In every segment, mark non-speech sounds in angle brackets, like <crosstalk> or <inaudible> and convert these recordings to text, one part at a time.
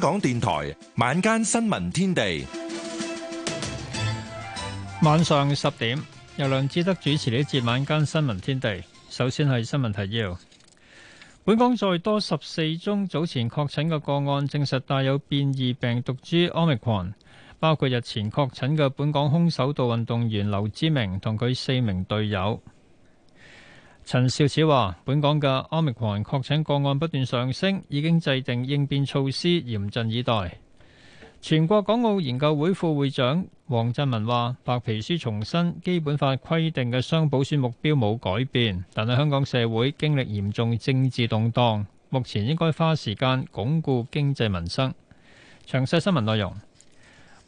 本港電台晚間新聞天地，晚上十點由梁志德主持呢節晚間新聞天地。首先係新聞提要。本港再多十四宗早前確診嘅個案，證實帶有變異病毒株 Omicron，包括日前確診嘅本港空手道運動員劉之明同佢四名隊友。陳肇始話，本港嘅安 m i c r o 確診個案不斷上升，已經制定應變措施，嚴陣以待。全國港澳研究會副會長黃振文話，白皮書重申《基本法》規定嘅雙保選目標冇改變，但係香港社會經歷嚴重政治動蕩，目前應該花時間鞏固經濟民生。詳細新聞內容。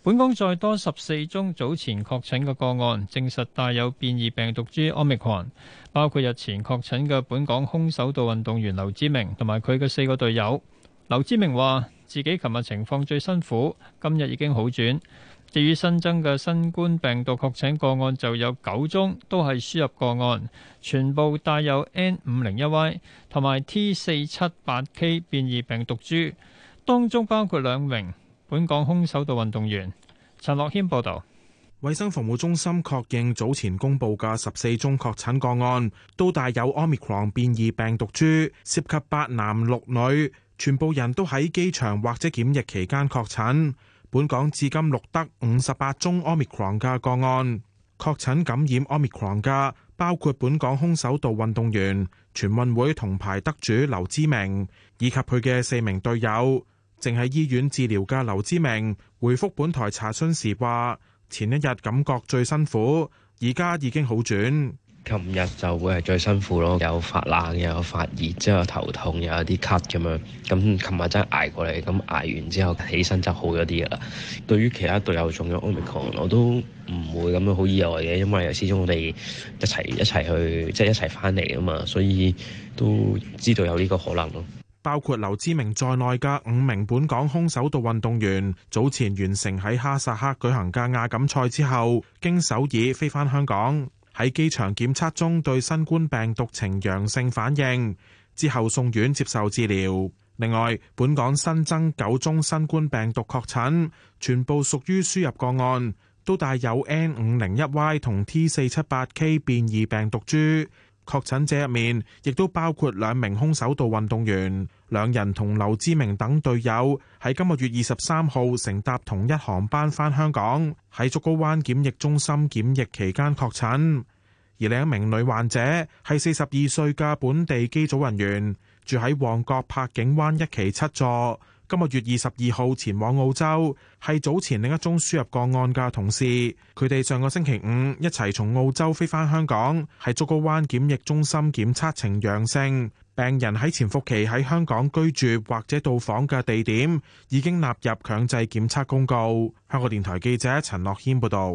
本港再多十四宗早前確診嘅個案，證實帶有變異病毒株奧密克戎，包括日前確診嘅本港空手道運動員劉之明同埋佢嘅四個隊友。劉之明話自己琴日情況最辛苦，今日已經好轉。至於新增嘅新冠病毒確診個案就有九宗，都係輸入個案，全部帶有 N 五零一 Y 同埋 T 四七八 K 變異病毒株，當中包括兩名。本港空手道運動員陳樂謙報道。衛生防護中心確認早前公布嘅十四宗確診個案，都帶有 omicron 變異病毒株，涉及八男六女，全部人都喺機場或者檢疫期間確診，本港至今錄得五十八宗 omicron 嘅個案，確診感染 omicron 嘅包括本港空手道運動員，全運會銅牌得主劉之明以及佢嘅四名隊友。淨喺醫院治療嘅劉之明回覆本台查詢時話，前一日感覺最辛苦，而家已經好轉。琴日就會係最辛苦咯，有發冷又發熱，之後頭痛又有啲咳咁樣。咁琴日真係捱過嚟，咁捱完之後起身就好咗啲噶啦。對於其他隊友仲有 omicron，我都唔會咁樣好意外嘅，因為始終我哋一齊一齊去，即係一齊翻嚟啊嘛，所以都知道有呢個可能咯。包括劉之明在內嘅五名本港空手道運動員，早前完成喺哈薩克舉行嘅亞錦賽之後，經首爾飛返香港，喺機場檢測中對新冠病毒呈陽性反應，之後送院接受治療。另外，本港新增九宗新冠病毒確診，全部屬於輸入個案，都帶有 N 五零一 Y 同 T 四七八 K 變異病毒株。確診者入面，亦都包括兩名空手道運動員，兩人同劉志明等隊友喺今個月二十三號乘搭同一航班返香港，喺竹篙灣檢疫中心檢疫期間確診。而另一名女患者係四十二歲嘅本地機組人員，住喺旺角柏景灣一期七座。今個月二十二號前往澳洲，係早前另一宗輸入個案嘅同事。佢哋上個星期五一齊從澳洲飛返香港，喺竹篙灣檢疫中心檢測呈陽性。病人喺潛伏期喺香港居住或者到訪嘅地點已經納入強制檢測公告。香港電台記者陳樂謙報道。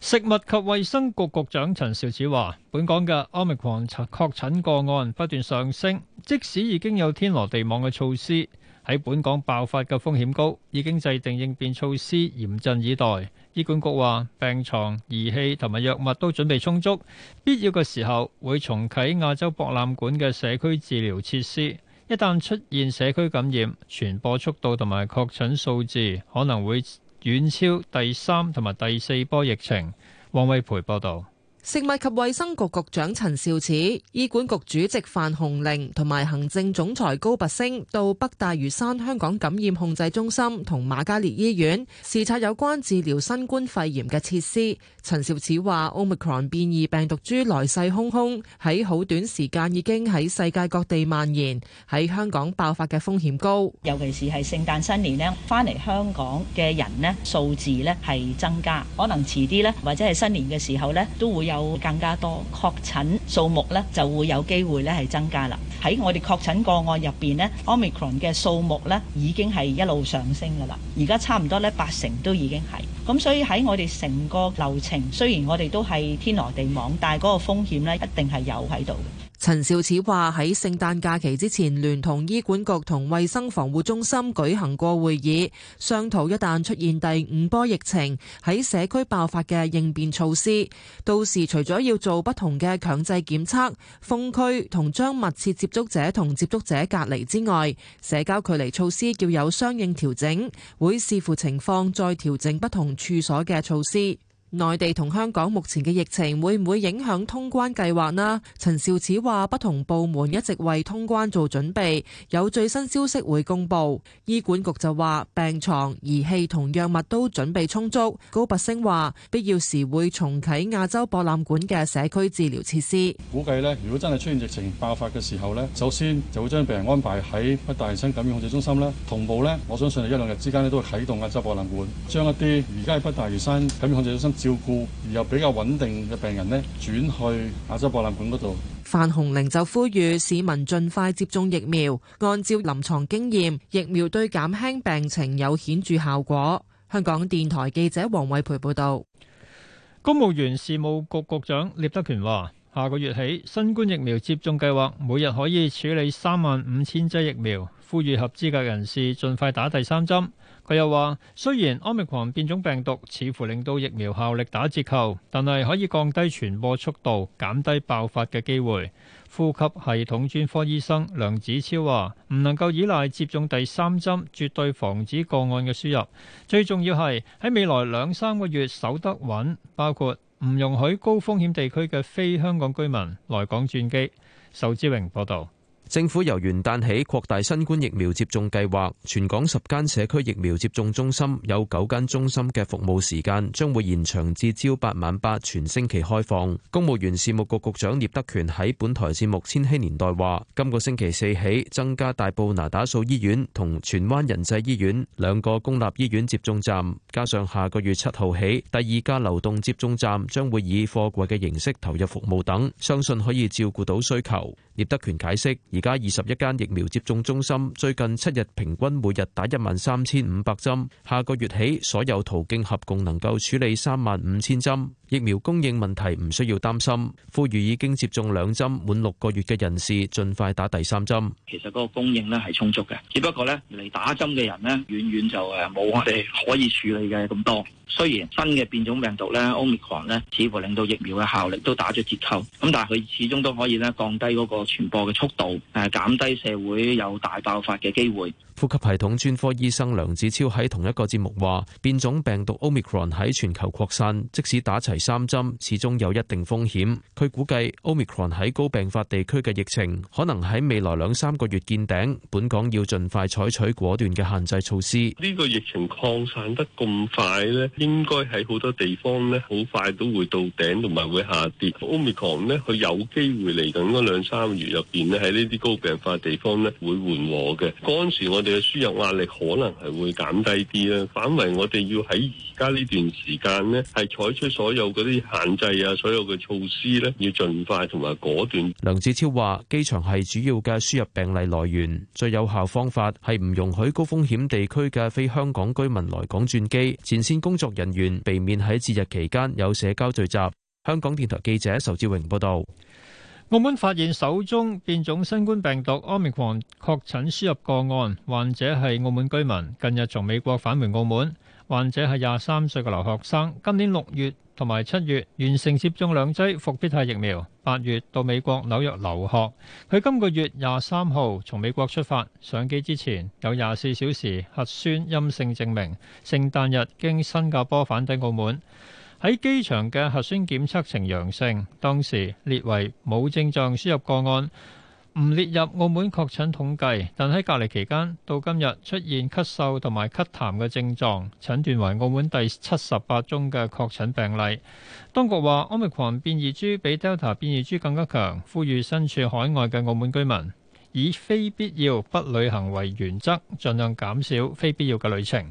食物及衛生局局長陳肇始話：本港嘅 o m 狂 c r o n 確診個案不斷上升，即使已經有天羅地網嘅措施。喺本港爆發嘅風險高，已經制定應變措施，嚴陣以待。醫管局話，病床、儀器同埋藥物都準備充足，必要嘅時候會重啟亞洲博覽館嘅社區治療設施。一旦出現社區感染，傳播速度同埋確診數字可能會遠超第三同埋第四波疫情。王偉培報導。食物及衛生局局長陳肇始、醫管局主席范鴻齡同埋行政總裁高拔昇到北大嶼山香港感染控制中心同瑪嘉烈醫院視察有關治療新冠肺炎嘅設施。陳肇始話：Omicron 變異病毒株來勢洶洶，喺好短時間已經喺世界各地蔓延，喺香港爆發嘅風險高。尤其是係聖誕新年咧，翻嚟香港嘅人咧數字咧係增加，可能遲啲咧或者係新年嘅時候咧都會有。有更加多確診數目咧，就會有機會咧係增加啦。喺我哋確診個案入邊呢，Omicron 嘅數目咧已經係一路上升噶啦。而家差唔多咧八成都已經係咁，所以喺我哋成個流程，雖然我哋都係天羅地網，但係嗰個風險咧一定係有喺度。陳肇始話：喺聖誕假期之前，聯同醫管局同衛生防護中心舉行過會議，商討一旦出現第五波疫情喺社區爆發嘅應變措施。到時除咗要做不同嘅強制檢測、封區同將密切接觸者同接觸者隔離之外，社交距離措施要有相應調整，會視乎情況再調整不同處所嘅措施。內地同香港目前嘅疫情會唔會影響通關計劃呢？陳肇始話：不同部門一直為通關做準備，有最新消息會公布。醫管局就話病床、儀器同藥物都準備充足。高拔陞話：必要時會重啟亞洲博覽館嘅社區治療設施。估計呢，如果真係出現疫情爆發嘅時候呢，首先就會將病人安排喺北大嶼山感染控制中心啦。同步呢，我相信一兩日之間呢都會啟動亞洲博覽館，將一啲而家喺北大嶼山感染控制中心。照顧而又比較穩定嘅病人呢，轉去亞洲博覽館嗰度。范宏玲就呼籲市民盡快接種疫苗，按照臨床經驗，疫苗對減輕病情有顯著效果。香港電台記者黃偉培報道。公務員事務局局，局長聶德權話：下個月起，新冠疫苗接種計劃每日可以處理三萬五千劑疫苗，呼籲合資格人士盡快打第三針。佢又話：雖然奧密克戎變種病毒似乎令到疫苗效力打折扣，但係可以降低傳播速度、減低爆發嘅機會。呼吸系統專科醫生梁子超話：唔能夠依賴接種第三針，絕對防止個案嘅輸入。最重要係喺未來兩三個月守得穩，包括唔容許高風險地區嘅非香港居民來港轉機。仇志榮報導。政府由元旦起擴大新冠疫苗接種計劃，全港十間社區疫苗接種中心有九間中心嘅服務時間將會延長至朝八晚八，全星期開放。公務員事務局局，局長聶德權喺本台節目《千禧年代》話：今個星期四起增加大埔拿打素醫院同荃灣仁濟醫院兩個公立醫院接種站，加上下個月七號起第二家流動接種站將會以貨櫃嘅形式投入服務等，相信可以照顧到需求。聶德權解釋：而家二十一間疫苗接種中心最近七日平均每日打一萬三千五百針，下個月起所有途徑合共能夠處理三萬五千針。疫苗供應問題唔需要擔心。呼籲已經接種兩針滿六個月嘅人士盡快打第三針。其實嗰個供應呢係充足嘅，只不過呢，嚟打針嘅人呢遠遠就誒冇我哋可以處理嘅咁多。雖然新嘅變種病毒呢，Omicron 呢似乎令到疫苗嘅效力都打咗折扣，咁但係佢始終都可以呢降低嗰個。傳播嘅速度，誒減低社會有大爆發嘅機會。呼吸系統專科醫生梁子超喺同一個節目話，變種病毒 Omicron 喺全球擴散，即使打齊三針，始終有一定風險。佢估計 Omicron 喺高病發地區嘅疫情，可能喺未來兩三個月見頂，本港要盡快採取果斷嘅限制措施。呢個疫情擴散得咁快咧，應該喺好多地方咧，好快都會到頂同埋會下跌。Omicron 咧，佢有機會嚟緊嗰兩三個。入邊呢，喺呢啲高病化地方呢會緩和嘅，嗰陣時我哋嘅輸入壓力可能係會減低啲啊。反為我哋要喺而家呢段時間呢係採取所有嗰啲限制啊，所有嘅措施呢要盡快同埋果斷。梁志超話：機場係主要嘅輸入病例來源，最有效方法係唔容許高風險地區嘅非香港居民來港轉機。前線工作人員避免喺節日期間有社交聚集。香港電台記者仇志榮報道。澳門發現首宗變種新冠病毒 Omicron 確診輸入個案，患者係澳門居民，近日從美國返回澳門。患者係廿三歲嘅留學生，今年六月同埋七月完成接種兩劑伏必泰疫苗，八月到美國紐約留學。佢今個月廿三號從美國出發，上機之前有廿四小時核酸陰性證明。聖誕日經新加坡返抵澳門。喺機場嘅核酸檢測呈陽性，當時列為冇症狀輸入個案，唔列入澳門確診統計。但喺隔離期間到今日出現咳嗽同埋咳痰嘅症狀，診斷為澳門第七十八宗嘅確診病例。當局話：奧密克戎變異株比 Delta 變異株更加強，呼籲身處海外嘅澳門居民以非必要不旅行為原則，盡量減少非必要嘅旅程。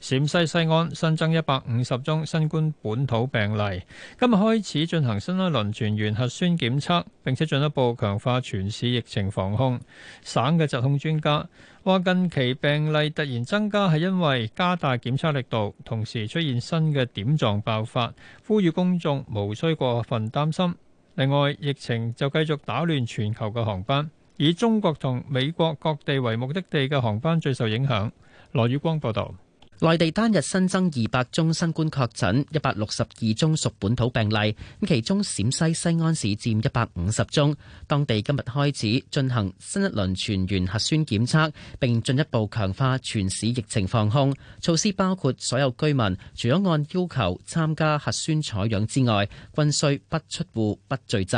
陝西西安新增一百五十宗新冠本土病例，今日開始進行新一輪全員核酸檢測，並且進一步強化全市疫情防控。省嘅疾控專家話：近期病例突然增加係因為加大檢測力度，同時出現新嘅點狀爆發，呼籲公眾無需過分擔心。另外，疫情就繼續打亂全球嘅航班，以中國同美國各地為目的地嘅航班最受影響。羅宇光報道。內地單日新增二百宗新冠確診，一百六十二宗屬本土病例。咁其中陝西西安市佔一百五十宗，當地今日開始進行新一輪全員核酸檢測，並進一步強化全市疫情防控措施，包括所有居民除咗按要求參加核酸採樣之外，均需不出戶不聚集。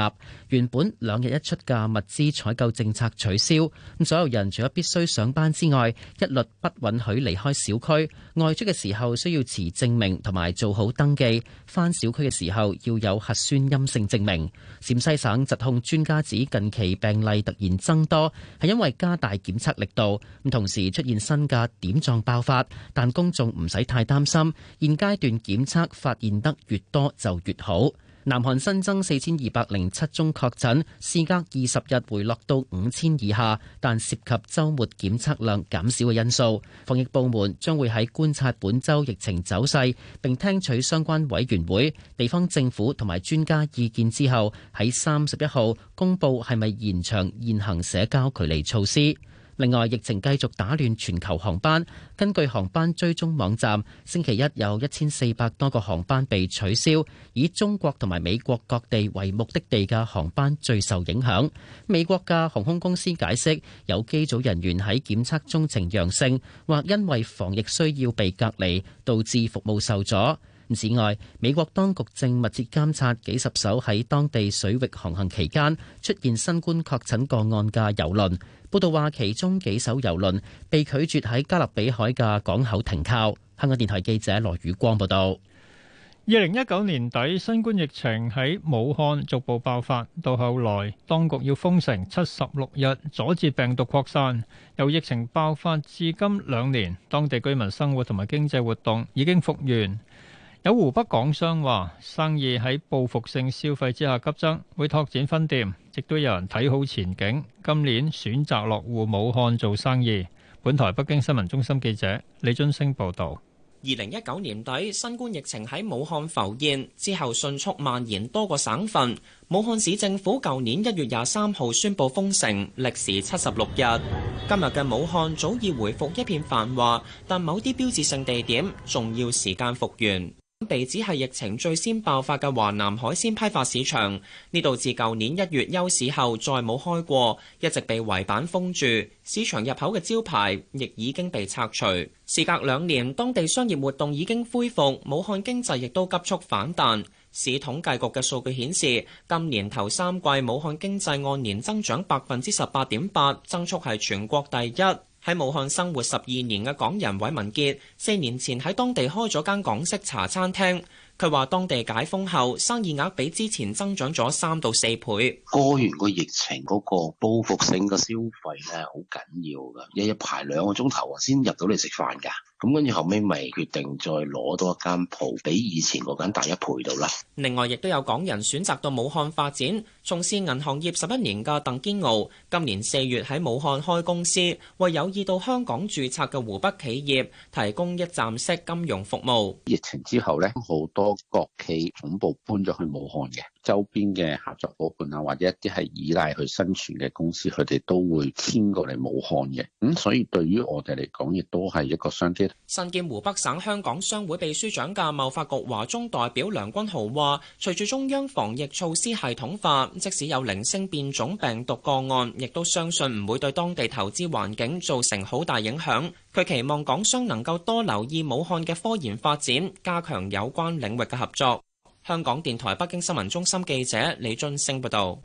原本兩日一出嘅物資採購政策取消，所有人除咗必須上班之外，一律不允許離開小區。外出嘅時候需要持證明同埋做好登記，返小區嘅時候要有核酸陰性證明。陝西省疾控專家指近期病例突然增多，係因為加大檢測力度，同時出現新嘅點狀爆發，但公眾唔使太擔心。現階段檢測發現得越多就越好。南韓新增四千二百零七宗確診，事隔二十日回落到五千以下，但涉及週末檢測量減少嘅因素。防疫部門將會喺觀察本週疫情走勢，並聽取相關委員會、地方政府同埋專家意見之後，喺三十一號公佈係咪延長現行社交距離措施。另外，疫情繼續打亂全球航班。根據航班追蹤網站，星期一有一千四百多個航班被取消，以中國同埋美國各地為目的地嘅航班最受影響。美國嘅航空公司解釋，有機組人員喺檢測中呈陽性，或因為防疫需要被隔離，導致服務受阻。此外，美國當局正密切監察幾十艘喺當地水域航行期間出現新冠確診個案嘅郵輪。報道話，其中幾艘郵輪被拒絕喺加勒比海嘅港口停靠。香港電台記者羅宇光報道。二零一九年底，新冠疫情喺武漢逐步爆發，到後來當局要封城七十六日，阻止病毒擴散。由疫情爆發至今兩年，當地居民生活同埋經濟活動已經復原。有湖北港商話生意喺報復性消費之下急增，會拓展分店，亦都有人睇好前景。今年選擇落戶武漢做生意。本台北京新聞中心記者李津升報道。二零一九年底，新冠疫情喺武漢浮現之後迅速蔓延多個省份。武漢市政府舊年一月廿三號宣布封城，歷時七十六日。今日嘅武漢早已回復一片繁華，但某啲標誌性地點仲要時間復原。被指係疫情最先爆發嘅華南海鮮批發市場，呢度自舊年一月休市後，再冇開過，一直被圍板封住，市場入口嘅招牌亦已經被拆除。時隔兩年，當地商業活動已經恢復，武漢經濟亦都急速反彈。市統計局嘅數據顯示，今年頭三季武漢經濟按年增長百分之十八點八，增速係全國第一。喺武漢生活十二年嘅港人韋文杰，四年前喺當地開咗間港式茶餐廳。佢話當地解封後，生意額比之前增長咗三到四倍。過完個疫情嗰個報復性嘅消費咧，好緊要噶，要一日排兩個鐘頭先入到嚟食飯噶。咁跟住後尾咪決定再攞多一間鋪，比以前嗰間大一倍到啦。另外，亦都有港人選擇到武漢發展。從事銀行業十一年嘅鄧堅傲，今年四月喺武漢開公司，為有意到香港注冊嘅湖北企業提供一站式金融服務，疫情之後咧，好多國企總部搬咗去武漢嘅。周邊嘅合作伙伴啊，或者一啲係依賴去生存嘅公司，佢哋都會遷過嚟武漢嘅。咁、嗯、所以對於我哋嚟講，亦都係一個商機。身兼湖北省香港商會秘書長嘅貿發局華中代表梁君豪話，隨住中央防疫措施系統化，即使有零星變種病毒個案，亦都相信唔會對當地投資環境造成好大影響。佢期望港商能夠多留意武漢嘅科研發展，加強有關領域嘅合作。香港電台北京新聞中心記者李俊升報道，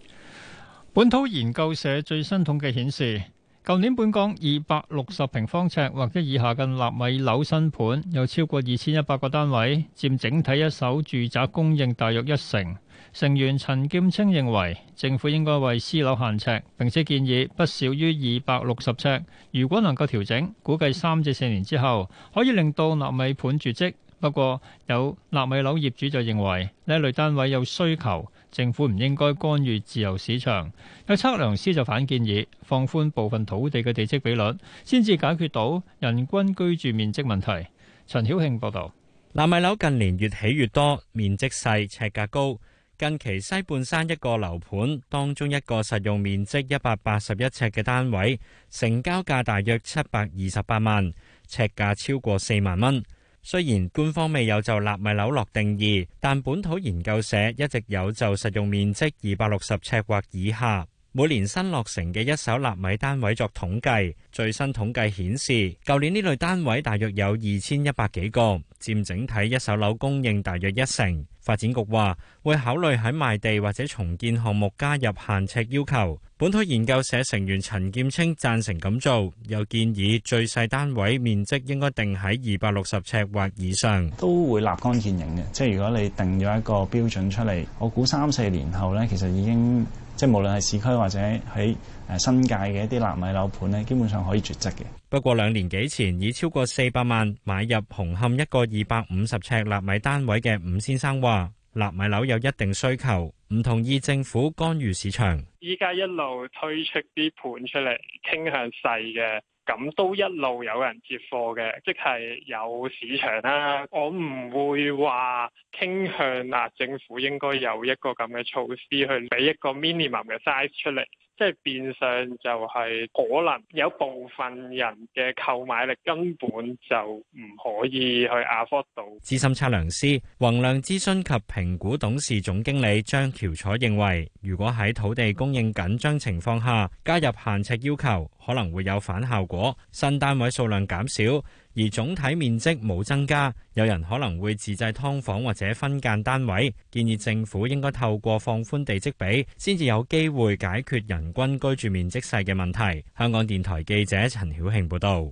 本土研究社最新統計顯示，舊年本港二百六十平方尺或者以下嘅納米樓新盤有超過二千一百個單位，佔整體一手住宅供應大約一成。成員陳劍清認為，政府應該為私樓限尺，並且建議不少於二百六十尺。如果能夠調整，估計三至四年之後可以令到納米盤絕跡。不過，有納米樓業主就認為呢類單位有需求，政府唔應該干預自由市場。有測量師就反建議放寬部分土地嘅地積比率，先至解決到人均居住面積問題。陳曉慶報導，納米樓近年越起越多，面積細、尺價高。近期西半山一個樓盤當中一個實用面積一百八十一尺嘅單位，成交價大約七百二十八萬，尺價超過四萬蚊。雖然官方未有就納米樓落定義，但本土研究社一直有就實用面積二百六十尺或以下，每年新落成嘅一手納米單位作統計，最新統計顯示，舊年呢類單位大約有二千一百幾個，佔整體一手樓供應大約一成。發展局話會考慮喺賣地或者重建項目加入限尺要求。本土研究社成員陳劍青贊成咁做，又建議最細單位面積應該定喺二百六十尺或以上。都會立竿見影嘅，即係如果你定咗一個標準出嚟，我估三四年後呢，其實已經。即係無論係市區或者喺誒新界嘅一啲納米樓盤咧，基本上可以絕跡嘅。不過兩年幾前，以超過四百萬買入紅磡一個二百五十尺納米單位嘅伍先生話納米樓有一定需求，唔同意政府干預市場，依家一路推出啲盤出嚟，傾向細嘅。咁都一路有人接貨嘅，即係有市場啦。我唔會話傾向啊，政府應該有一個咁嘅措施去俾一個 minimum 嘅 size 出嚟，即係變相就係可能有部分人嘅購買力根本就唔可以去 afford 到。資深測量師、宏亮諮詢及評估董事總經理張翹楚認為，如果喺土地供應緊張情況下加入限尺要求，可能會有反效果，新單位數量減少，而總體面積冇增加。有人可能會自製劏房或者分間單位。建議政府應該透過放寬地積比，先至有機會解決人均居住面積細嘅問題。香港電台記者陳曉慶報導。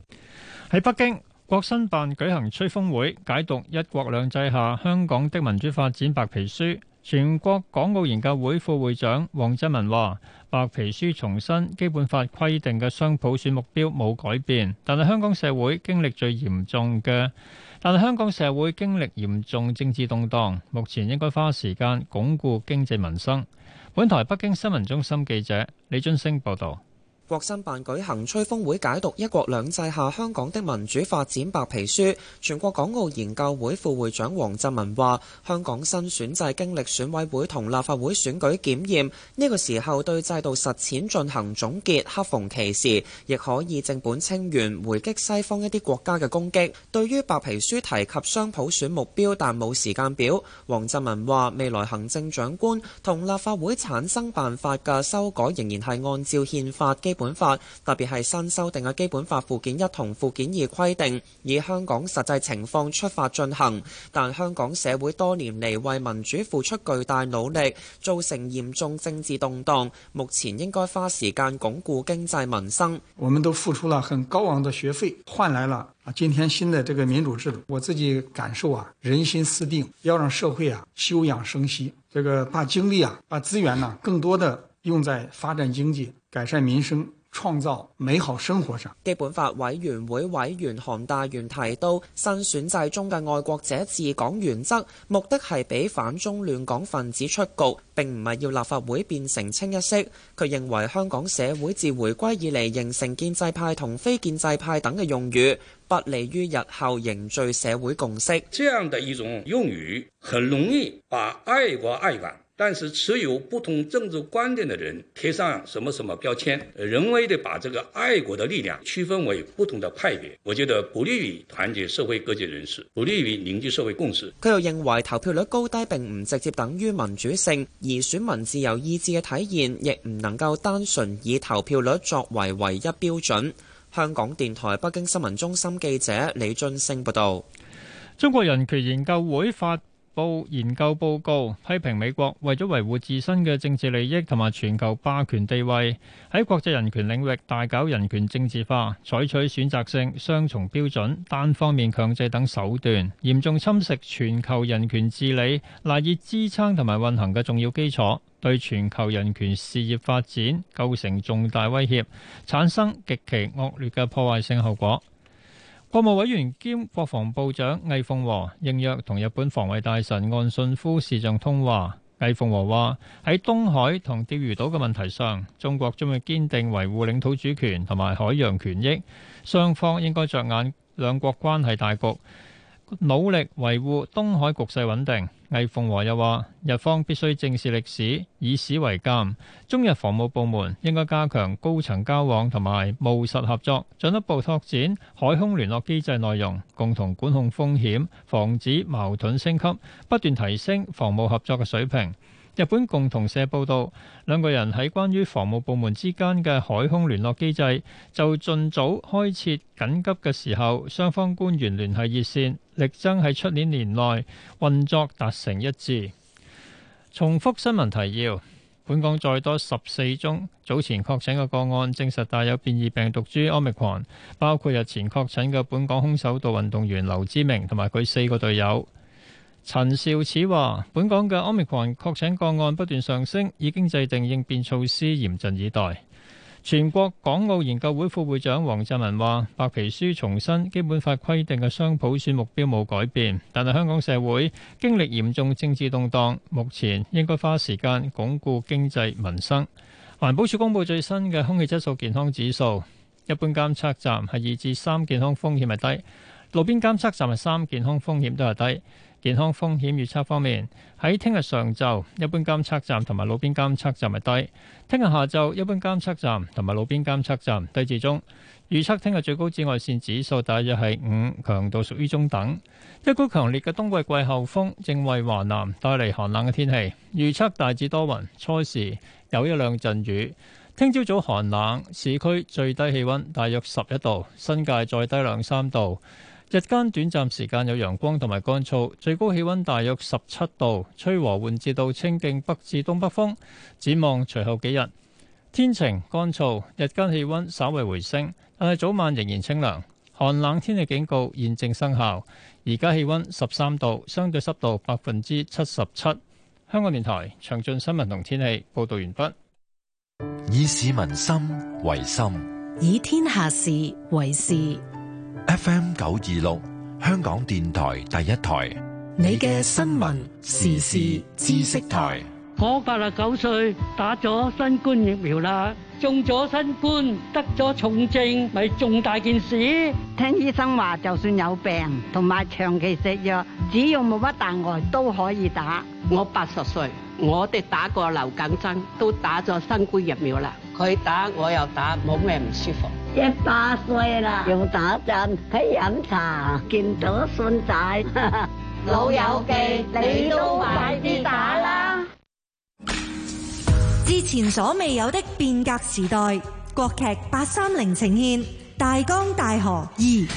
喺北京，國新辦舉行吹風會，解讀《一國兩制下香港的民主發展白皮書》。全國港澳研究會副會長黃振文話：白皮書重申基本法規定嘅雙普選目標冇改變，但係香港社會經歷最嚴重嘅，但係香港社會經歷嚴重政治動盪，目前應該花時間鞏固經濟民生。本台北京新聞中心記者李津升報道。國新辦舉行吹風會，解讀《一國兩制下香港的民主發展白皮書》。全國港澳研究會副會長黃振文話：香港新選制經歷選委會同立法會選舉檢驗，呢個時候對制度實踐進行總結，恰逢其時，亦可以正本清源，回擊西方一啲國家嘅攻擊。對於白皮書提及雙普選目標，但冇時間表，黃振文話：未來行政長官同立法會產生辦法嘅修改，仍然係按照憲法基本法特別係新修訂嘅基本法附件一同附件二規定，以香港實際情況出發，進行。但香港社會多年嚟為民主付出巨大努力，造成嚴重政治動蕩，目前應該花時間鞏固經濟民生。我們都付出了很高昂的學費，換來了啊，今天新的這個民主制度。我自己感受啊，人心思定，要讓社會啊休養生息，這個把精力啊、把資源呢、啊，更多的用在發展經濟。改善民生，創造美好生活。上基本法委員會委員韓大元提到，新選制中嘅愛國者治港原則，目的係俾反中亂港分子出局，並唔係要立法會變成清一色。佢認為香港社會自回歸以嚟，形成建制派同非建制派等嘅用語，不利於日後凝聚社會共識。這樣的一種用語，很容易把愛國愛港。但是持有不同政治觀點的人貼上什麼什麼標籤，人為地把這個愛國的力量區分為不同的派別，我覺得不利於團結社會各界人士，不利於凝聚社會共識。佢又認為投票率高低並唔直接等於民主性，而選民自由意志嘅體現亦唔能夠單純以投票率作為唯一標準。香港電台北京新聞中心記者李俊升報道。中國人權研究會發。報研究報告批評美國為咗維護自身嘅政治利益同埋全球霸權地位，喺國際人權領域大搞人權政治化，採取選擇性、雙重標準、單方面強制等手段，嚴重侵蝕全球人權治理賴以支撐同埋運行嘅重要基礎，對全球人權事業發展構成重大威脅，產生極其惡劣嘅破壞性後果。國務委員兼國防部長魏鳳和應約同日本防衛大臣岸信夫視像通話。魏鳳和話喺東海同釣魚島嘅問題上，中國將會堅定維護領土主權同埋海洋權益，雙方應該着眼兩國關係大局。努力維護東海局勢穩定，魏鳳和又話：日方必須正視歷史，以史為鑒。中日防務部門應該加強高層交往同埋務實合作，進一步拓展海空聯絡機制內容，共同管控風險，防止矛盾升級，不斷提升防務合作嘅水平。日本共同社報道，兩個人喺關於防務部門之間嘅海空聯絡機制，就盡早開設緊急嘅時候，雙方官員聯繫熱線，力爭喺出年年內運作達成一致。重複新聞提要：本港再多十四宗早前確診嘅個案證實帶有變異病毒株 Omicron，包括日前確診嘅本港空手道運動員劉之明同埋佢四個隊友。陳肇始話：本港嘅 Omicron 確診個案不斷上升，已經制定應變措施，嚴陣以待。全國港澳研究會副會長黃振文話：白皮書重申基本法規定嘅雙普選目標冇改變，但係香港社會經歷嚴重政治動盪，目前應該花時間鞏固經濟民生。環保署公布最新嘅空氣質素健康指數，一般監測站係二至三，健康風險係低；路邊監測站係三，健康風險都係低。健康風險預測方面，喺聽日上晝一般監測站同埋路邊監測站係低；聽日下晝一般監測站同埋路邊監測站低至中。預測聽日最高紫外線指數大約係五，強度屬於中等。一股強烈嘅冬季季候風正為華南帶嚟寒冷嘅天氣，預測大致多雲，初時有一兩陣雨。聽朝早寒冷，市區最低氣溫大約十一度，新界再低兩三度。日間短暫時間有陽光同埋乾燥，最高氣溫大約十七度，吹和緩至到清勁北至東北風。展望隨後幾日，天晴乾燥，日間氣溫稍為回升，但係早晚仍然清涼。寒冷天氣警告現正生效，而家氣溫十三度，相對濕度百分之七十七。香港電台詳盡新聞同天氣報道完畢。以市民心為心，以天下事為事。F.M. 九二六，香港電台第一台。你嘅新聞時事知識台。我八十九歲打咗新冠疫苗啦，中咗新冠，得咗重症，咪重大件事。聽醫生話，就算有病同埋長期食藥，只要冇乜大礙都可以打。我八十歲，我哋打過流感針，都打咗新冠疫苗啦。佢打我又打，冇咩唔舒服。一百歲啦，用打針，喺飲茶，見到孫仔， <laughs> 老友記，你都快啲打啦！之前所未有的變革時代，國劇八三零呈現《大江大河》二。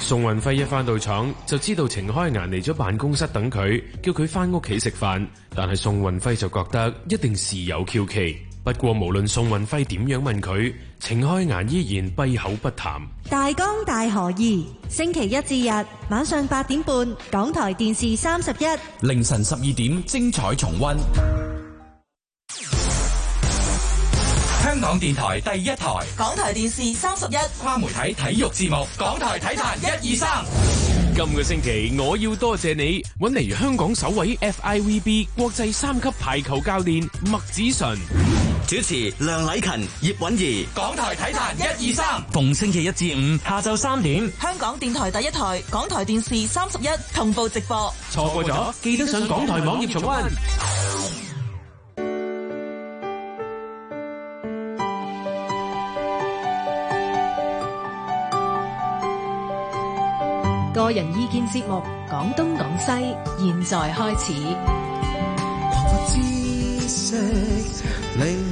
宋雲輝一翻到廠，就知道程開顏嚟咗辦公室等佢，叫佢翻屋企食飯，但係宋雲輝就覺得一定事有蹺蹊。不過無論宋運輝點樣問佢，程開顏依然閉口不談。大江大河二，星期一至日晚上八點半，港台電視三十一，凌晨十二點精彩重溫。香港電台第一台，港台電視三十一跨媒體體育節目，港台體壇一二三。今個星期我要多謝你，搵嚟香港首位 FIVB 國際三級排球教練麥子純。主持梁禮勤、葉韻儀，港台體壇一二三。逢星期一至五下晝三點，香港電台第一台，港台電視三十一同步直播。錯過咗，記得上港台網頁重温。個人意見節目，講東講西，現在開始。 <music>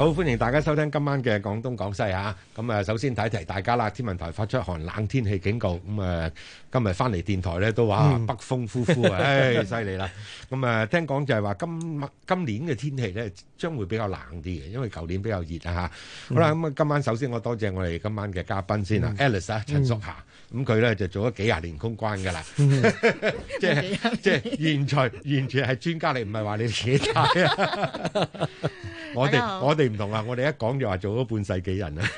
好，歡迎大家收聽今晚嘅廣東廣西吓。咁啊，首先提提大家啦，天文台發出寒冷天氣警告。咁啊，今日返嚟電台咧都話北風呼呼啊，唉，犀利啦。咁啊，聽講就係話今今年嘅天氣咧，將會比較冷啲嘅，因為舊年比較熱啊吓。好啦，咁啊，今晚首先我多謝我哋今晚嘅嘉賓先啊，Alice 啊，陳淑霞。咁佢咧就做咗幾廿年公關噶啦，即係即係完全完全係專家嚟，唔係話你寫嘅。我哋我哋唔同啊！我哋一講就話做咗半世紀人啦。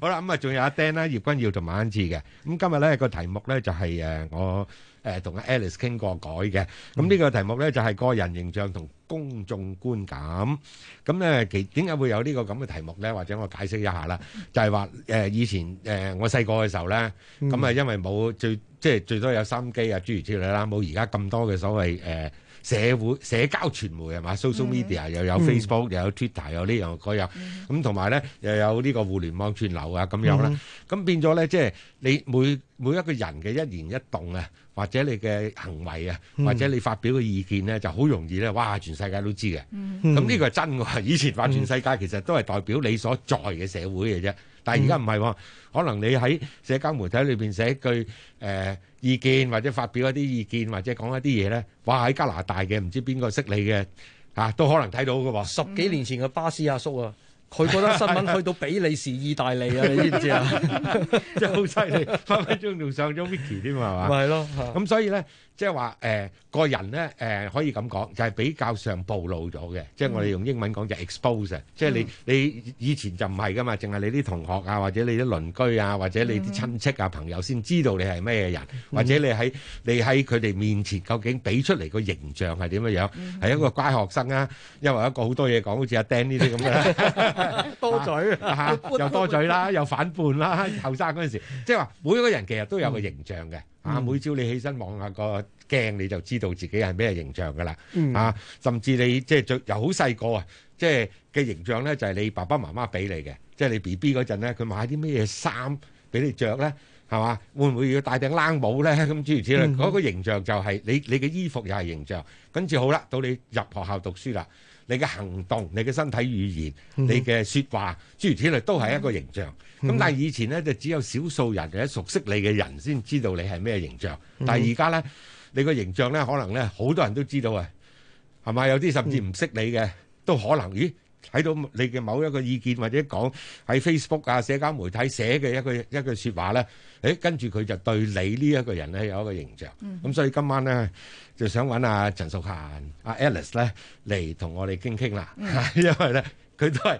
好啦，咁啊，仲有阿 Dan 啦，葉君耀同馬恩志嘅。咁今日咧個題目咧就係誒，我誒同阿 Alice 傾過改嘅。咁呢個題目咧就係個人形象同公眾觀感。咁咧其點解會有呢個咁嘅題目咧？或者我解釋一下啦。就係話誒，以前誒我細個嘅時候咧，咁啊因為冇最即係最多有心機啊，諸如此類啦，冇而家咁多嘅所謂誒。社會社交傳媒係嘛，social media 又有 Facebook、mm. 又有 Twitter 又有、這個 mm. 有呢樣嗰樣，咁同埋咧又有呢個互聯網串流啊咁樣啦，咁、mm. 變咗咧即係你每每一個人嘅一言一動啊，或者你嘅行為啊，或者你發表嘅意見咧，就好容易咧，哇！全世界都知嘅，咁呢、mm. 個係真㗎、啊。以前話全世界其實都係代表你所在嘅社會嘅啫。但係而家唔係，可能你喺社交媒體裏邊寫一句誒、呃、意見，或者發表一啲意見，或者講一啲嘢咧，哇！喺加拿大嘅唔知邊個識你嘅嚇、啊，都可能睇到嘅喎。十幾年前嘅巴士阿叔啊，佢嗰單新聞去到比利時、意大利啊，你知唔知啊？真係好犀利，分分鐘仲上咗 Wiki 添啊嘛！咪係咯，咁所以咧。即係話誒個人咧誒、呃、可以咁講，就係、是、比較上暴露咗嘅。即係我哋用英文講就 expose、嗯、即係你你以前就唔係㗎嘛，淨係你啲同學啊，或者你啲鄰居啊，或者你啲親戚啊朋友先知道你係咩人，或者你喺你喺佢哋面前究竟俾出嚟個形象係點樣樣？係、嗯、一個乖學生啊，因為一個好多嘢講，好似阿 Dan 呢啲咁嘅。 <laughs> <laughs> 嘴嚇 <laughs> 又多嘴啦，又反叛啦。後生嗰陣時，即係話每個人其實都有個形象嘅嚇、嗯啊。每朝你起身望下個鏡，你就知道自己係咩形象㗎喇嚇。甚至你即係最又好細個啊，即係嘅形象咧就係、是、你爸爸媽媽俾你嘅，即係你 B B 嗰陣咧，佢買啲咩嘢衫俾你着咧，係嘛？會唔會要戴頂冷帽咧？咁諸如此類，嗰、那個形象就係你你嘅衣服又係形象。跟住好啦，到你入學校讀書啦。你嘅行動、你嘅身體語言、嗯、哼你嘅説話，諸如此類都係一個形象。咁、嗯、哼但係以前咧就只有少數人或者熟悉你嘅人先知道你係咩形象。但係而家咧，你個形象咧可能咧好多人都知道啊，係咪？有啲甚至唔識你嘅、嗯、都可能咦？睇到你嘅某一個意見或者講喺 Facebook 啊、社交媒體寫嘅一句一句説話咧，誒跟住佢就對你呢一個人咧有一個形象，咁、嗯、所以今晚咧就想揾阿陳淑嫻、阿、啊、Alice 咧嚟同我哋傾傾啦，嗯、因為咧佢都係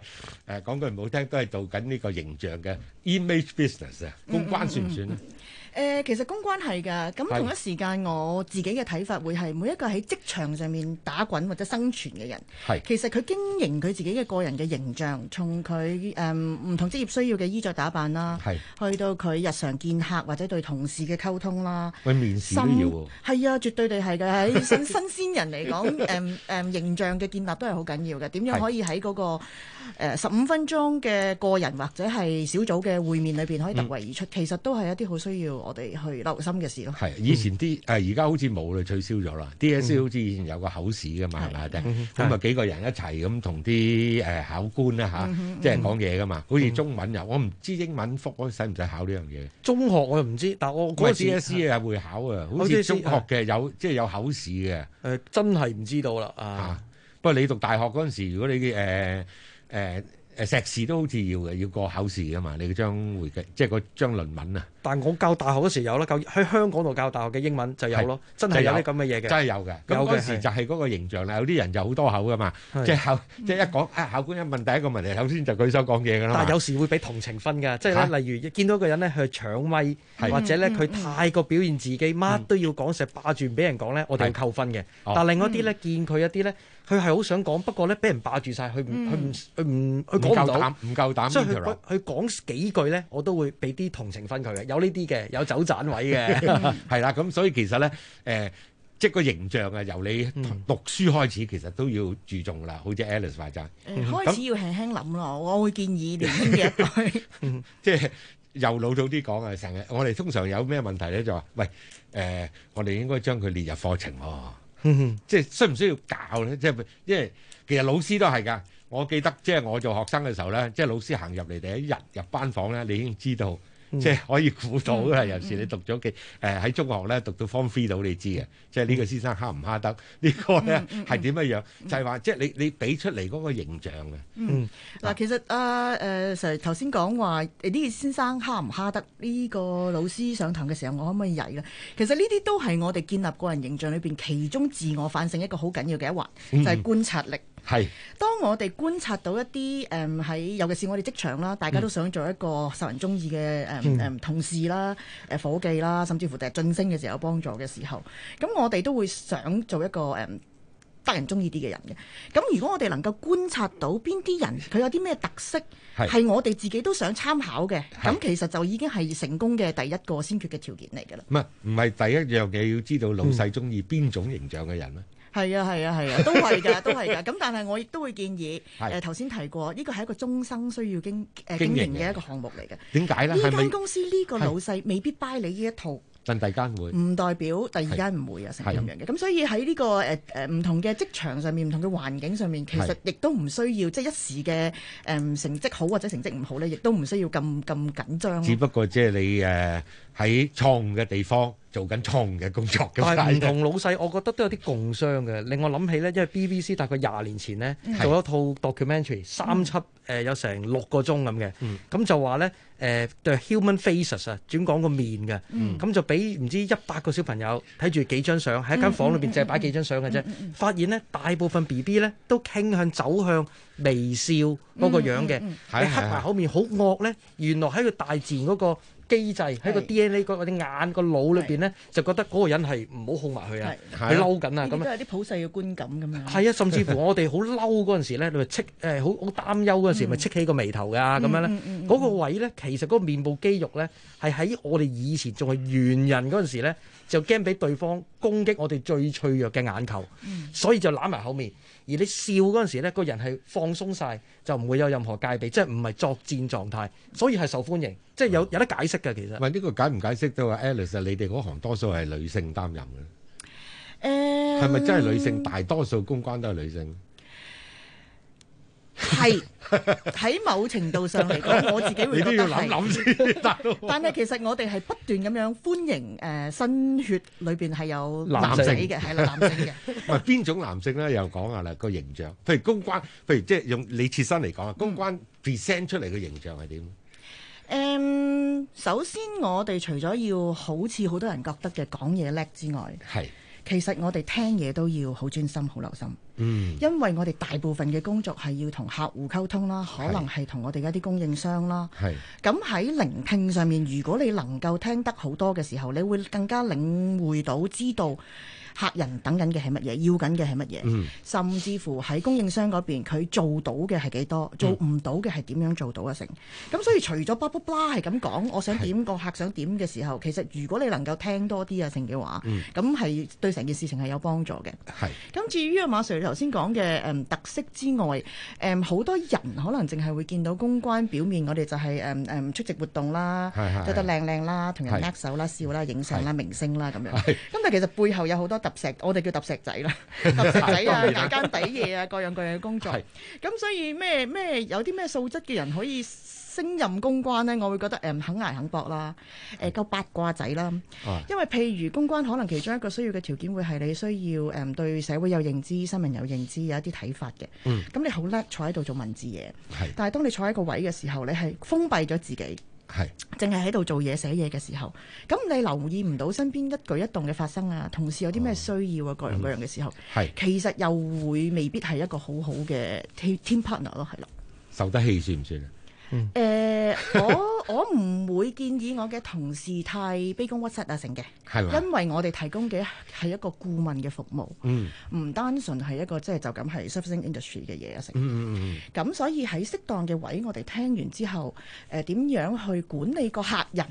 誒講句唔好聽都係做緊呢個形象嘅 image business，啊。公關算唔算咧？嗯嗯嗯嗯嗯嗯誒其實公關係㗎，咁同一時間我自己嘅睇法會係每一個喺職場上面打滾或者生存嘅人，是其實佢經營佢自己嘅個人嘅形象，從佢誒唔同職業需要嘅衣着打扮啦，是去到佢日常見客或者對同事嘅溝通啦，係面試都要喎，係啊，絕對對係嘅，喺、哎、新新鮮人嚟講，誒誒、 <laughs> 嗯嗯、形象嘅建立都係好緊要嘅，點樣可以喺嗰、那個十五、呃、分鐘嘅個人或者係小組嘅會面裏邊可以突圍而出，嗯、其實都係一啲好需要，我哋去留心嘅事咯。係以前啲誒，而家好似冇啦，取消咗啦。DSE 好似以前有個口試嘅嘛，係咪咁啊？幾個人一齊咁同啲誒考官咧嚇，即係講嘢嘅嘛。好似中文又我唔知英文科使唔使考呢樣嘢。中學我又唔知，但我嗰陣 DSE 係會考啊，好似中學嘅有即係有口試嘅。誒，真係唔知道啦啊！不過你讀大學嗰陣時，如果你誒誒。誒碩士都好似要嘅，要過考試嘅嘛？你將會嘅，即係嗰張論文啊。但我教大學嗰時有啦，教喺香港度教大學嘅英文就有咯，真係有啲咁嘅嘢嘅。真係有嘅。有嗰時就係嗰個形象啦，有啲人就好多口嘅嘛。即係考，即係一講，考官一問第一個問題，首先就舉手講嘢㗎啦。但係有時會俾同情分㗎，即係例如見到一個人咧去搶威，或者呢，佢太過表現自己，乜都要講成霸住俾人講呢，我哋要扣分嘅。但另外啲呢，見佢一啲呢。佢係好想講，不過咧俾人霸住晒。佢唔佢唔佢唔佢講唔到。唔夠膽，唔夠膽。佢佢講幾句咧，我都會俾啲同情分佢嘅。有呢啲嘅，有走盞位嘅，係啦。 <laughs> <laughs> 咁所以其實咧，誒、呃，即係個形象啊，由你讀書開始，其實都要注重啦。好似 Alice 話齋，嗯、開始要輕輕諗咯。我會建議年輕即係又老早啲講啊。成日我哋通常有咩問題咧，就話、是、喂誒、呃，我哋應該將佢列入課程喎、哦。嗯嗯，即係需唔需要教咧？即係，因為其實老師都係噶。我記得即係我做學生嘅時候咧，即係老師行入嚟第一日入班房咧，你已經知道。嗯、即係可以估到啦，有時你讀咗幾誒喺、嗯嗯呃、中學咧讀到 Form Three 度，你知嘅，即係呢個先生哈唔哈得呢個咧係點樣樣，就係、是、話即係你你俾出嚟嗰個形象嘅、嗯。嗯，嗱、啊，其實阿誒 Sir 頭先講話呢個先生哈唔哈得呢個老師上堂嘅時候，我可唔可以曳嘅？其實呢啲都係我哋建立個人形象裏邊其中自我反省一個好緊要嘅一環，就係、是、觀察力。嗯嗯。係，是當我哋觀察到一啲誒喺，尤其是我哋職場啦，大家都想做一個受人中意嘅誒誒同事啦、誒夥計啦，甚至乎第日晉升嘅時候有幫助嘅時候，咁我哋都會想做一個誒、嗯、得人中意啲嘅人嘅。咁如果我哋能夠觀察到邊啲人佢有啲咩特色，係是我哋自己都想參考嘅，咁是其實就已經係成功嘅第一個先決嘅條件嚟㗎啦。唔係唔係第一樣嘢，要知道老細中意邊種形象嘅人咧。嗯係啊，係啊，係啊，都係噶，都係噶。咁但係我亦都會建議，誒頭先提過，呢個係一個終生需要經誒經營嘅一個項目嚟嘅。點解呢？呢間公司呢個老細未必 buy 你呢一套。問第間會唔代表第二間唔會啊？成咁樣嘅。咁所以喺呢個誒誒唔同嘅職場上面、唔同嘅環境上面，其實亦都唔需要即係一時嘅誒成績好或者成績唔好咧，亦都唔需要咁咁緊張。只不過即係你誒。喺錯誤嘅地方做緊錯誤嘅工作，但係唔同老細，我覺得都有啲共鳴嘅。令我諗起咧，因為 BBC 大概廿年前呢，做一套 documentary，三輯誒有成六個鐘咁嘅，咁就話咧誒對 human faces 啊，轉講個面嘅，咁就俾唔知一百個小朋友睇住幾張相，喺一間房裏邊淨係擺幾張相嘅啫，發現呢，大部分 BB 咧都傾向走向微笑嗰個樣嘅，你黑埋口面好惡咧，原來喺個大自然嗰個。機制喺個 DNA 嗰個眼、嗰個腦裏邊咧，是就覺得嗰個人係唔好控埋佢啊，佢嬲緊啊咁啊，都係啲普世嘅觀感咁樣。係啊，甚至乎我哋好嬲嗰陣時咧，你咪戚誒好好擔憂嗰陣時咪戚起個眉頭㗎咁樣咧。嗰、嗰個位咧，其實嗰個面部肌肉咧，係喺我哋以前仲係猿人嗰陣時咧，就驚俾對方攻擊我哋最脆弱嘅眼球，嗯、所以就攬埋後面。而你笑嗰陣時咧，個人係放鬆晒，就唔會有任何戒備，即係唔係作戰狀態，所以係受歡迎，即係有有得解釋嘅其實。唔呢、呢個解唔解釋都話，Alice 你哋嗰行多數係女性擔任嘅，誒係咪真係女性大多數公關都係女性？係喺某程度上嚟講，我自己會覺得你都要諗諗先。但係其實我哋係不斷咁樣歡迎誒，新血裏邊係有男仔嘅，係男性嘅。唔係邊種男性咧？又講下啦個形象。譬如公關，譬如即係用你切身嚟講啊，公關 present 出嚟嘅形象係點？誒，首先我哋除咗要好似好多人覺得嘅講嘢叻之外，係其實我哋聽嘢都要好專心、好留心。嗯，因為我哋大部分嘅工作係要同客戶溝通啦，可能係同我哋一啲供應商啦。係，咁喺聆聽上面，如果你能夠聽得好多嘅時候，你會更加領會到知道。客人等緊嘅係乜嘢？要緊嘅係乜嘢？嗯、甚至乎喺供應商嗰邊，佢做到嘅係幾多？做唔到嘅係點樣做到啊？成咁、嗯嗯、所以除咗巴巴巴係咁講，我想點個客想點嘅時候，其實如果你能夠聽多啲啊成嘅話，咁係、嗯、對成件事情係有幫助嘅。係咁、嗯、至於啊馬 Sir 頭先講嘅誒特色之外，誒、um, 好多人可能淨係會見到公關表面，我哋就係誒誒出席活動啦，著是得靚靚啦，同人握手啦、是是笑啦、影相啦、明星啦咁樣。咁是 <laughs> 但其實背後有好多。揼石，我哋叫揼石仔啦，揼石仔啊，打間 <laughs> 底嘢啊， <laughs> 各樣各樣嘅工作。咁是所以咩咩有啲咩素質嘅人可以升任公關呢？我會覺得誒、嗯，肯捱肯搏啦，誒、呃，夠八卦仔啦。是因為譬如公關可能其中一個需要嘅條件會係你需要誒、嗯、對社會有認知、新聞有認知有一啲睇法嘅。咁、嗯、你好叻坐喺度做文字嘢，是但係當你坐喺個位嘅時候，你係封閉咗自己。係，淨係喺度做嘢寫嘢嘅時候，咁你留意唔到身邊一舉一動嘅發生啊，同事有啲咩需要啊，哦、各樣各樣嘅時候，係、嗯，其實又會未必係一個好好嘅 team partner 咯，係啦，受得氣算唔算？誒、嗯 <laughs> 呃，我我唔會建議我嘅同事太卑躬屈膝啊成嘅，係嗎因為我哋提供嘅係一個顧問嘅服務，唔、嗯、單純係一個即係就咁、是、係 serving industry 嘅嘢啊成，咁、嗯嗯嗯、所以喺適當嘅位，我哋聽完之後，誒、呃，點樣去管理個客人？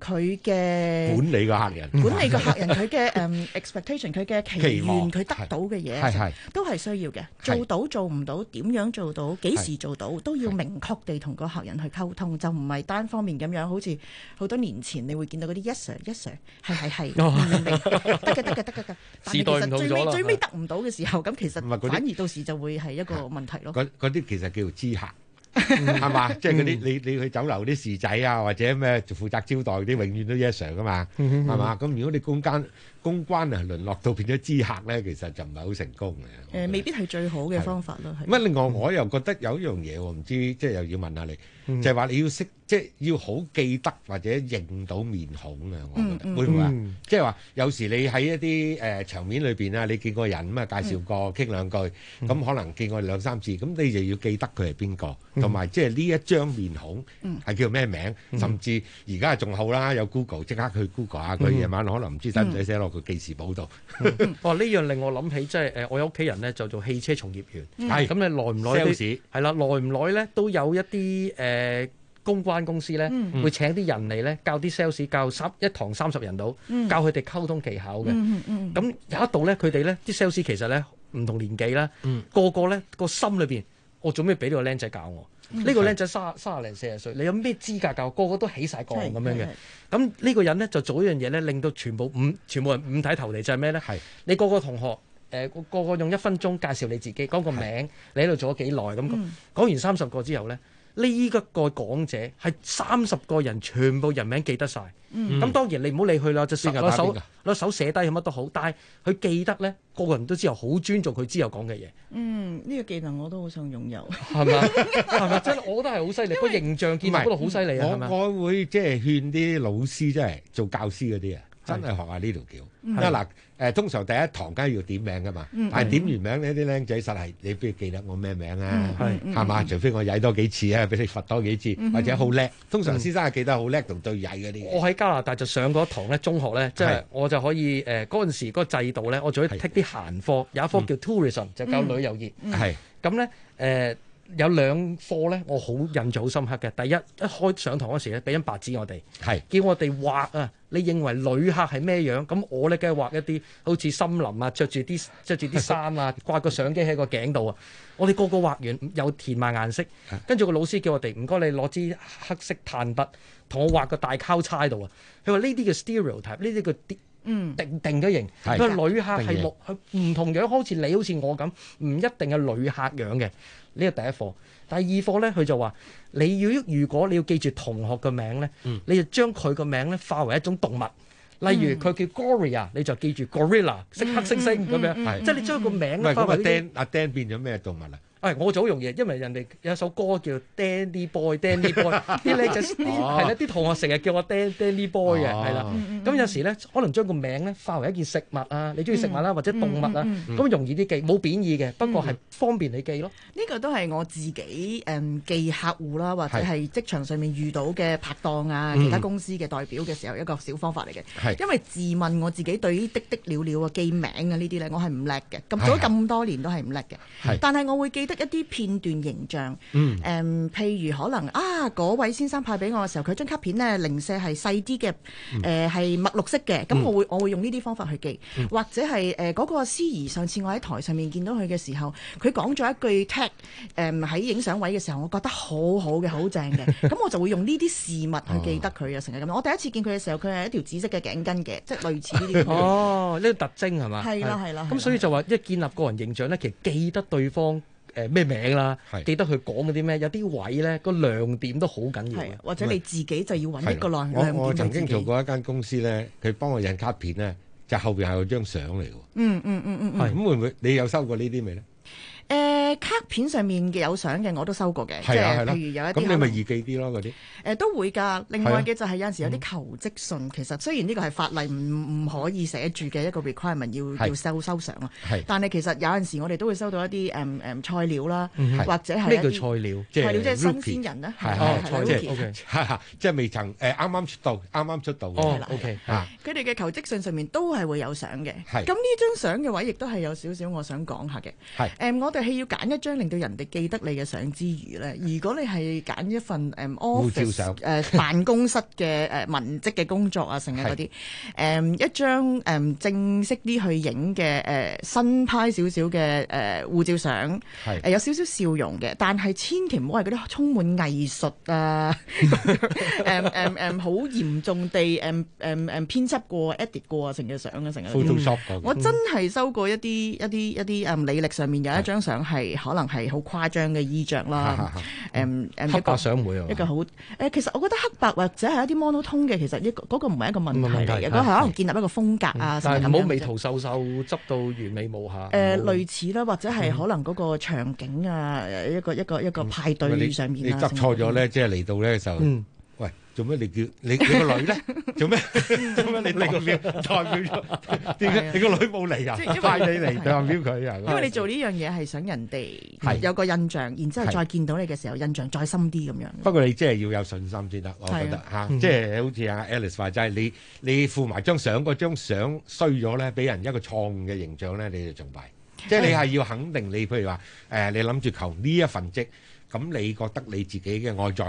佢嘅管理個客人，管理個客人佢嘅誒 expectation，佢嘅期望，佢得到嘅嘢，都係需要嘅。做到做唔到，點樣做到，幾時做到，都要明確地同個客人去溝通，就唔係單方面咁樣。好似好多年前，你會見到嗰啲 yes sir yes sir，係係係，唔明得嘅得嘅得嘅㗎。但係其實最尾最尾得唔到嘅時候，咁其實反而到時就會係一個問題咯。嗰啲其實叫做知客。係嘛？即係嗰啲你你去酒樓啲侍仔啊，或者咩負責招待啲，永遠都 yes sir 噶嘛，係嘛？ <laughs> 咁如果你公間。公關啊，淪落到變咗知客咧，其實就唔係好成功嘅。誒，未必係最好嘅方法咯。咁啊，另外我又覺得有一樣嘢，我唔知即係又要問下你，就係話你要識，即係要好記得或者認到面孔啊。我覺得會唔會啊？即係話有時你喺一啲誒場面裏邊啊，你見過人啊，介紹過傾兩句，咁可能見過兩三次，咁你就要記得佢係邊個，同埋即係呢一張面孔係叫咩名，甚至而家仲好啦，有 Google 即刻去 Google 啊，佢夜晚可能唔知使唔使寫落。佢幾時報道， <laughs> 嗯、哦呢樣令我諗起，即係誒，我有屋企人咧就做汽車從業員，係咁你耐唔耐 sales 係啦，耐唔耐咧都有一啲誒、呃、公關公司咧、嗯、會請啲人嚟咧教啲 sales 教三一堂三十人到，嗯、教佢哋溝通技巧嘅，咁、嗯嗯、有一度咧，佢哋咧啲 sales 其實咧唔同年紀啦，嗯、個個咧個心裏邊，我做咩俾呢個僆仔教我？嗯、個呢個僆仔三三廿零四十歲，你有咩資格教個個？都起曬槓咁樣嘅？咁呢是個人咧就做一樣嘢咧，令到全部五全部人五體投地就係咩咧？係是你個個同學誒、呃、個個用一分鐘介紹你自己，講個名，是你喺度做咗幾耐咁講，是那個、講完三十個之後咧。嗯呢一個講者係三十個人全部人名記得晒。咁當然你唔好理佢啦，就算攞手，攞手寫低乜都好。但係佢記得咧，個個人都知道好尊重佢之後講嘅嘢。嗯，呢個技能我都好想擁有。係咪？係咪？真，我覺得係好犀利，個形象建立都好犀利啊！係咪？我會即係勸啲老師，即係做教師嗰啲啊。真係學下呢條橋。啊嗱、mm，誒、hmm. 通常第一堂梗係要點名噶嘛。但係點完名呢，啲僆仔實係，你必須記得我咩名啦，係嘛、mm hmm.？除非我曳多幾次啊，俾你罰多幾次，或者好叻。通常先生係記得好叻同對曳嗰啲。我喺加拿大就上過堂咧，中學咧，即、就、係、是、我就可以誒嗰陣時個制度咧，我仲可以剔啲閒課，有一科叫 tourism 就教旅遊業。係咁咧誒。Hmm. 嗯 hmm. 有兩課咧，我好印象好深刻嘅。第一，一開上堂嗰時咧，俾張白紙我哋，係是叫我哋畫啊。你認為旅客係咩樣？咁我咧梗係畫一啲好似森林啊，着住啲著住啲衫啊，掛個相機喺個頸度啊。是我哋個個畫完有填埋顏色，跟住個老師叫我哋唔該你攞支黑色炭筆同我畫個大交叉度啊。佢話呢啲叫 stereotype，呢啲叫、D 嗯，定定咗型，佢旅客係冇佢唔同樣，好似你好似我咁，唔一定係旅客樣嘅。呢個第一課，第二課咧，佢就話你要如果你要記住同學嘅名咧，你就將佢個名咧化為一種動物。例如佢叫 Gorilla，你就記住 Gorilla，猩猩猩猩咁樣。即係你將個名啊，唔阿 Dan 變咗咩動物啊？誒我就好容易，因為人哋有一首歌叫 Danny Boy，Danny Boy，啲咧就啲同學成日叫我 Danny Boy 嘅，係啦。咁有時咧，可能將個名咧化為一件食物啊，你中意食物啦，或者動物啊，咁容易啲記，冇貶義嘅，不過係方便你記咯。呢個都係我自己誒記客戶啦，或者係職場上面遇到嘅拍檔啊，其他公司嘅代表嘅時候一個小方法嚟嘅。因為自問我自己對啲啲了了嘅記名嘅呢啲咧，我係唔叻嘅，做咗咁多年都係唔叻嘅。但係我會記一啲片段形象，誒，譬如可能啊，嗰位先生派俾我嘅時候，佢張卡片呢，零舍係細啲嘅，誒，係墨綠色嘅，咁我會我會用呢啲方法去記，或者係誒個個司儀上次我喺台上面見到佢嘅時候，佢講咗一句 tag，誒喺影相位嘅時候，我覺得好好嘅，好正嘅，咁我就會用呢啲事物去記得佢啊，成日咁我第一次見佢嘅時候，佢係一條紫色嘅頸巾嘅，即係類似呢啲哦，呢個特徵係嘛？係啦係啦，咁所以就話，即建立個人形象呢，其實記得對方。誒咩、呃、名啦、啊？是記得佢講嗰啲咩？有啲位咧，個亮點都好緊要、啊。係、啊，或者你自己就要揾一個亮點，啊點我。我曾經做過一間公司咧，佢幫我印卡片咧，就後邊係有張相嚟㗎。嗯嗯嗯嗯嗯，咁、嗯啊、會唔會你有收過呢啲未咧？誒卡片上面嘅有相嘅，我都收過嘅，即係譬如有一啲咁，你咪易記啲咯，嗰啲誒都會㗎。另外嘅就係有陣時有啲求職信，其實雖然呢個係法例唔唔可以寫住嘅一個 requirement 要要收收相啊，但係其實有陣時我哋都會收到一啲誒誒菜鳥啦，或者係咩叫菜鳥？菜鳥即係新鮮人咧，係係係，OK，哈哈，即係未曾誒啱啱出道，啱啱出道嘅，OK 嚇。佢哋嘅求職信上面都係會有相嘅。咁呢張相嘅話，亦都係有少少我想講下嘅。誒我。我哋係要揀一張令到人哋記得你嘅相之餘咧，如果你係揀一份誒 office 誒辦公室嘅誒文職嘅工作啊，成日嗰啲誒一張誒正式啲去影嘅誒新派少少嘅誒護照相，誒有少少笑容嘅，但係千祈唔好係嗰啲充滿藝術啊誒誒誒好嚴重地誒誒誒編輯過 edit 過成嘅相啊，成日 p h 我真係收過一啲一啲一啲誒履歷上面有一張。想係可能係好誇張嘅衣着啦，誒誒，黑白相會啊，一個好誒、呃，其實我覺得黑白或者係一啲 monotone 嘅，其實一個嗰個唔係一個問題嚟嘅，嗰個係可能建立一個風格啊，但係唔好美圖秀秀執到完美無瑕。誒，類似啦、嗯，或者係可能嗰個場景啊，嗯、一個一個一個派對上面、啊嗯、你，你執錯咗咧，嗯、即係嚟到咧就。嗯做咩？你叫你你個女咧？做咩？做咩？你嚟個表代表咗？你個女冇嚟啊？即係派你嚟代表佢啊？因為你做呢樣嘢係想人哋係有個印象，然之後再見到你嘅時候印象再深啲咁樣。不過你即係要有信心先得，我覺得吓。即係好似阿 Alice 話齋，係你你附埋張相，嗰張相衰咗咧，俾人一個錯誤嘅形象咧，你就仲弊。即係你係要肯定你，譬如話誒，你諗住求呢一份職，咁你覺得你自己嘅外在。